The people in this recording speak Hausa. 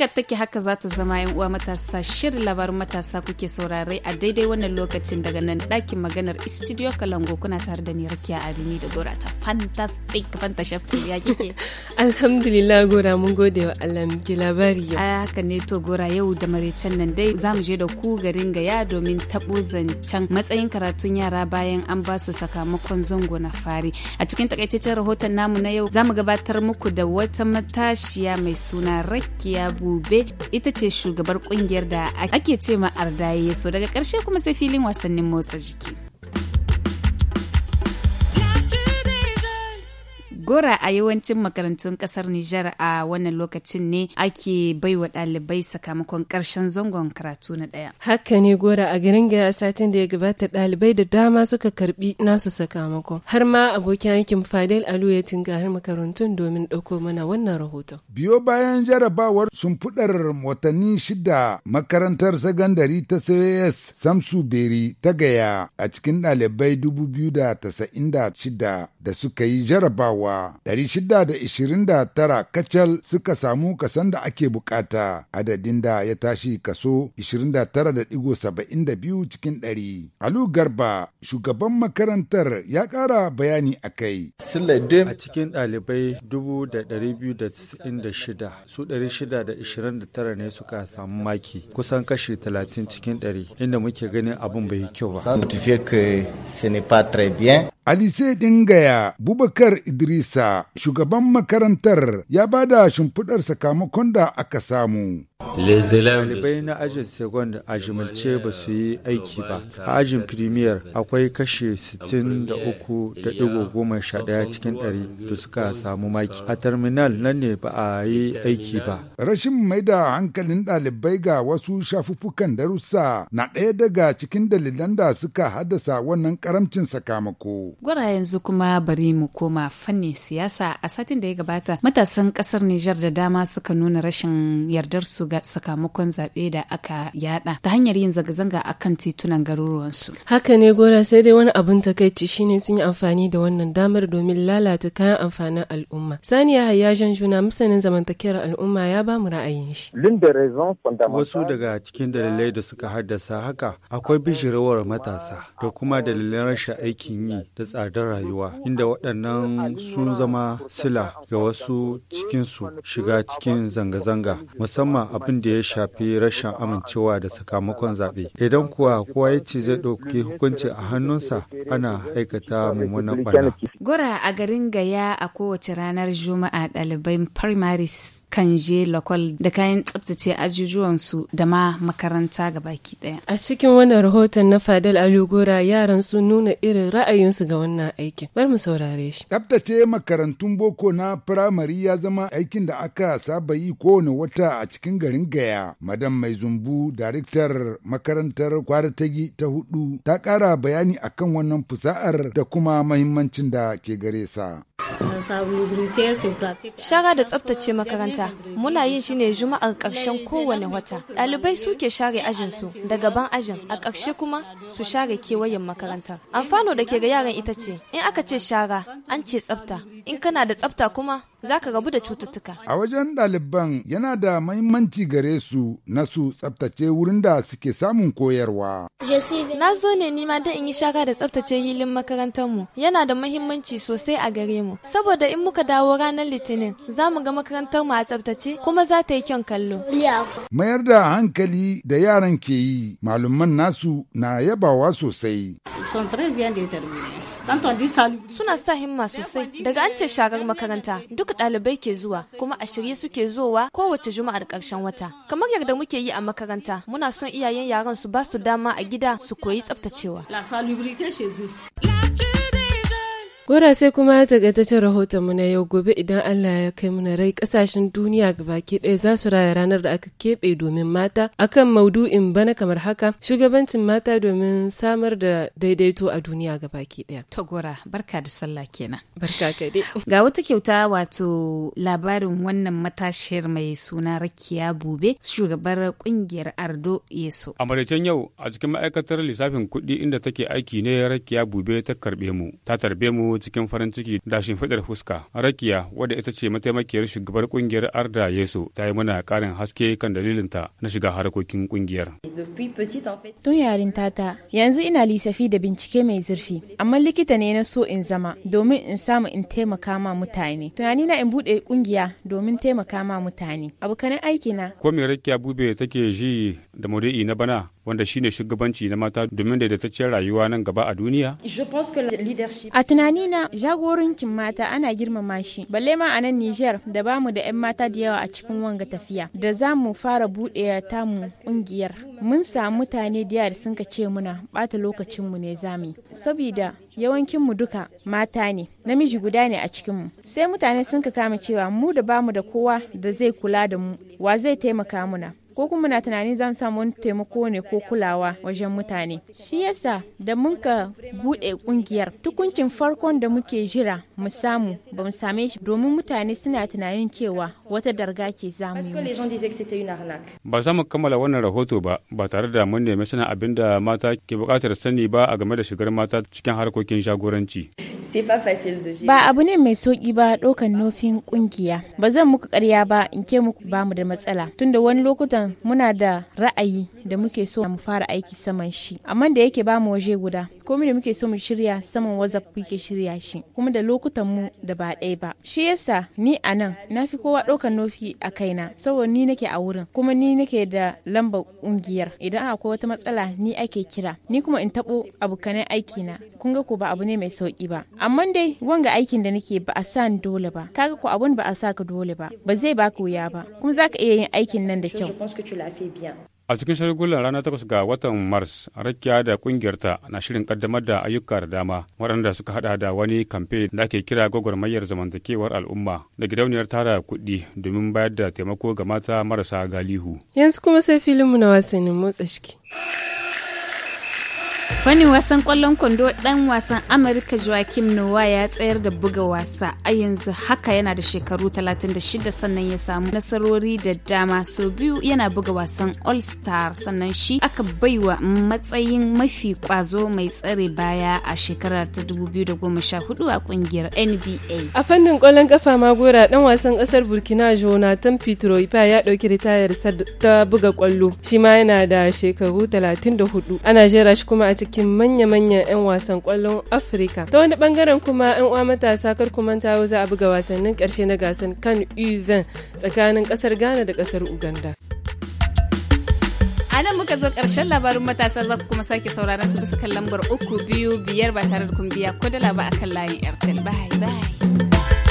Haka take haka za ta zama yan uwa matasa shirin labarin matasa kuke saurare a daidai wannan lokacin daga nan dakin maganar studio Kalango kuna tare da ni Rakiya Arimi da Gora ta fantastic fanta ya kike. Alhamdulillah Gora mun gode wa Allah labari yau. A haka ne to Gora yau da maraicen nan dai za mu je da ku garin gaya domin tabo zancen matsayin karatun yara bayan an ba su sakamakon zango na fari. A cikin takaitaccen rahoton namu na yau za mu gabatar muku da wata matashiya mai suna Rakiya Bu Gube ita ce shugabar kungiyar da ake ce ma Ardaye so daga ƙarshe kuma sai filin wasannin motsa jiki. gora a yawancin makarantun kasar Nijar a wannan lokacin ne ake baiwa ɗalibai sakamakon ƙarshen zangon karatu na ɗaya. Haka ne gora a garin gida satin da ya gabata ɗalibai da dama suka karbi nasu sakamakon. Har ma abokin aikin Fadel Alu ya tingari makarantun domin ɗauko mana wannan rahoto. Biyo bayan jarabawar sun fuɗar watanni shida makarantar sagandari ta CAS Samsu Beri ta gaya a cikin ɗalibai dubu biyu da tasa'in da shida da suka yi jarabawa 629 kacal suka samu kasan da ake bukata adadin da ya tashi kaso 29.72 cikin 100. Alu Garba, shugaban makarantar ya ƙara bayani a kai. A cikin ɗalibai 2,296 su 629 ne suka samu maki kusan kashi 30 cikin 100 inda muke ganin abin bai yi kyau ba. Alise Dingaya Bubakar Idrisa, shugaban makarantar, ya bada da shimfiɗar sakamakon da aka samu. Ɗalibai na ajin second a jimalce ba su yi aiki ba. A ajin premier akwai kashe 63.11 cikin 100 da suka samu maki. A terminal nan ne ba a yi aiki ba. Rashin mai da hankalin ɗalibai ga wasu shafuffukan darussa na ɗaya daga cikin dalilan da suka haddasa wannan karamcin sakamako. Gwara yanzu kuma bari mu koma fanni siyasa a satin da ya gabata matasan ƙasar Nijar da dama suka nuna rashin yardar su sakamakon zaɓe da aka yada ta hanyar yin zanga-zanga a kan titunan garuruwansu. Haka ne gora sai dai wani abin takaici shine sun yi amfani da wannan damar domin lalata kayan amfanin al'umma. Saniya Hayyajan Juna masanin zamantakewar al'umma ya ba mu ra'ayin shi. Wasu daga cikin dalilai da suka haddasa haka akwai bijirawar matasa da kuma dalilan rashin aikin yi da tsadar rayuwa inda waɗannan sun zama sila ga wasu cikinsu shiga cikin zanga-zanga musamman a abin da ya shafi rashin amincewa da sakamakon zaɓe. Idan kuwa kowa ya ce zai ɗauki hukunci a hannunsa ana aikata mummunan ɓarna. Gura a garin Gaya a kowace ranar Juma'a ɗaliban primaries kan je da kayan tsabtace ajujuwansu da ma makaranta ga baki daya. A cikin wannan rahoton na Fadal Alugora yaran sun nuna irin ra'ayinsu ga wannan aikin. Bar mu saurare shi. Tsabtace makarantun boko na firamare ya zama aikin da aka saba yi kowane wata a cikin garin Gaya. Madam Mai Zumbu, daraktar makarantar kwaratagi ta hudu, ta kara bayani akan wannan fusa'ar da kuma mahimmancin da ke gare sa. Shara da tsabtace makaranta muna yin shi ne juma'ar ƙarshen kowane wata. Ɗalibai suke share ajin su da gaban ajin a ƙarshe kuma su share kewayen makarantar. Amfano da ke ga yaran ita ce in aka ce shara an ce tsabta in kana da tsafta kuma za ka gabu da cututtuka. A wajen ɗaliban yana da mahimmanci gare su na su tsaftace wurin da suke samun koyarwa. Na zo ne nima da in yi shaka da tsaftace hilin makarantarmu yana da mahimmanci sosai a gare mu saboda in muka dawo ranar litinin za mu ga makarantar mu a tsaftace kuma za ta yi kyan kallo. Mayar da hankali da yaran ke yi malaman nasu na yabawa sosai. Suna sa himma sosai daga an ce shagar makaranta duk ɗalibai ke zuwa kuma a shirye suke zowa kowace juma'ar ƙarshen wata. Kamar yadda muke yi a makaranta muna son iyayen yaran su ba su dama a gida su koyi tsaftacewa. Gora sai kuma ta ga takaitaccen rahoton mu na yau gobe idan Allah ya kai mu na rai kasashen duniya baki ɗaya za su raya ranar da aka keɓe domin mata akan maudu'in bana kamar haka shugabancin mata domin samar da daidaito a duniya baki ɗaya. To Gora barka da sallah kenan. Barka ka dai. Ga wata kyauta wato labarin wannan matashiyar mai suna Rakiya Bube shugabar kungiyar Ardo Yeso. A maraicen yau a cikin ma'aikatar lissafin kuɗi inda take aiki ne Rakiya Bube ta karɓe mu. Ta tarbe mu cikin farin ciki da shimfiɗar fuska. Rakiya wadda ita ce mataimakiyar shugabar kungiyar Arda Yesu ta yi mana ƙarin haske kan dalilinta na shiga harkokin kungiyar. Tun yarin tata yanzu ina lissafi da bincike mai zurfi amma likita ne na so in zama domin in samu in taimaka ma mutane. Tunani na in buɗe kungiya domin taimaka ma mutane. Abokanan aiki na. Ko me Rakiya Bube take ji da maudu'i na bana wanda shine shugabanci na mata domin daidaitaccen rayuwa nan gaba a duniya? A tunani na jagorancin mata ana girmama shi, balle ma a nan Nijar da bamu da 'yan mata da yawa a cikin wanga tafiya da za mu fara buɗe tamu ƙungiyar. Mun samu mutane da yawa sun ce muna ɓata lokacinmu ne zami. Saboda mu duka mata ne, namiji guda ne a cikinmu. Sai mutane sun ka kama cewa mu da bamu da kowa da zai kula da mu, wa zai taimaka muna. ko kuma na tunanin zan samu wani taimako ne ko kulawa wajen mutane shi yasa da mun ka bude kungiyar tukuncin farkon da muke jira mu samu ba mu same shi domin mutane suna tunanin cewa wata darga ke zamu ba za mu kammala wannan rahoto ba ba tare da mun nemi sanin abin da mata ke buƙatar sani ba a game da shigar mata cikin harkokin jagoranci ba abu ne mai sauki ba ɗaukan nufin ƙungiya ba zan muku karya ba in ke muku ba mu da matsala tunda wani lokutan muna da ra'ayi da muke so mu fara aiki saman shi amma da yake ba mu waje guda komai da muke so mu shirya saman wazaf muke shirya shi kuma da lokutan mu da ba ɗaya ba shi yasa ni a nan na fi kowa ɗaukan nofi a kaina saboda ni nake a wurin kuma ni nake da lambar ƙungiyar idan akwai wata matsala ni ake kira ni kuma in taɓo abokanan aiki na kun ga ko ba abu ne mai sauki ba amma dai wanga aikin da nake ba a sa ni dole ba kaga ko abun ba a sa ka dole ba ba zai baka wuya ba kuma zaka iya yin aikin nan da kyau A cikin shagulgulan ranar takwas ga watan Mars, Rakiya da kungiyarta na shirin kaddamar da ayyuka da dama waɗanda suka hada da wani kamfe da ake kira gwagwarmayar zamantakewar al'umma da gidauniyar tara kuɗi domin bayar da taimako ga mata marasa galihu. Yanzu kuma sai filinmu na wasannin motsa shiki. Fannin wasan kwallon kwando dan wasan Amurka Joaquim Noah ya tsayar da buga wasa a yanzu haka yana da shekaru 36 sannan ya samu nasarori da dama so biyu yana buga wasan All Star sannan shi aka baiwa matsayin mafi kwazo mai tsare baya a shekarar ta 2014 a kungiyar NBA. A fannin kwallon kafa magora dan wasan kasar Burkina Jonathan Petro Ipa ya dauki ritayar ta buga kwallo shi ma yana da shekaru 34 ana jera shi kuma a cikin aikin manya-manyan 'yan wasan kwallon afirka ta wani bangaren kuma 'yan uwa matasa kar manta za a buga wasannin karshe na gasan kan u tsakanin kasar ghana da kasar uganda nan muka zo karshen labarin matasa za ku kuma sake sauraron su bisa kan lambar uku biyu biyar ba tare da kun biya ko da ba akan layin airtel bye bye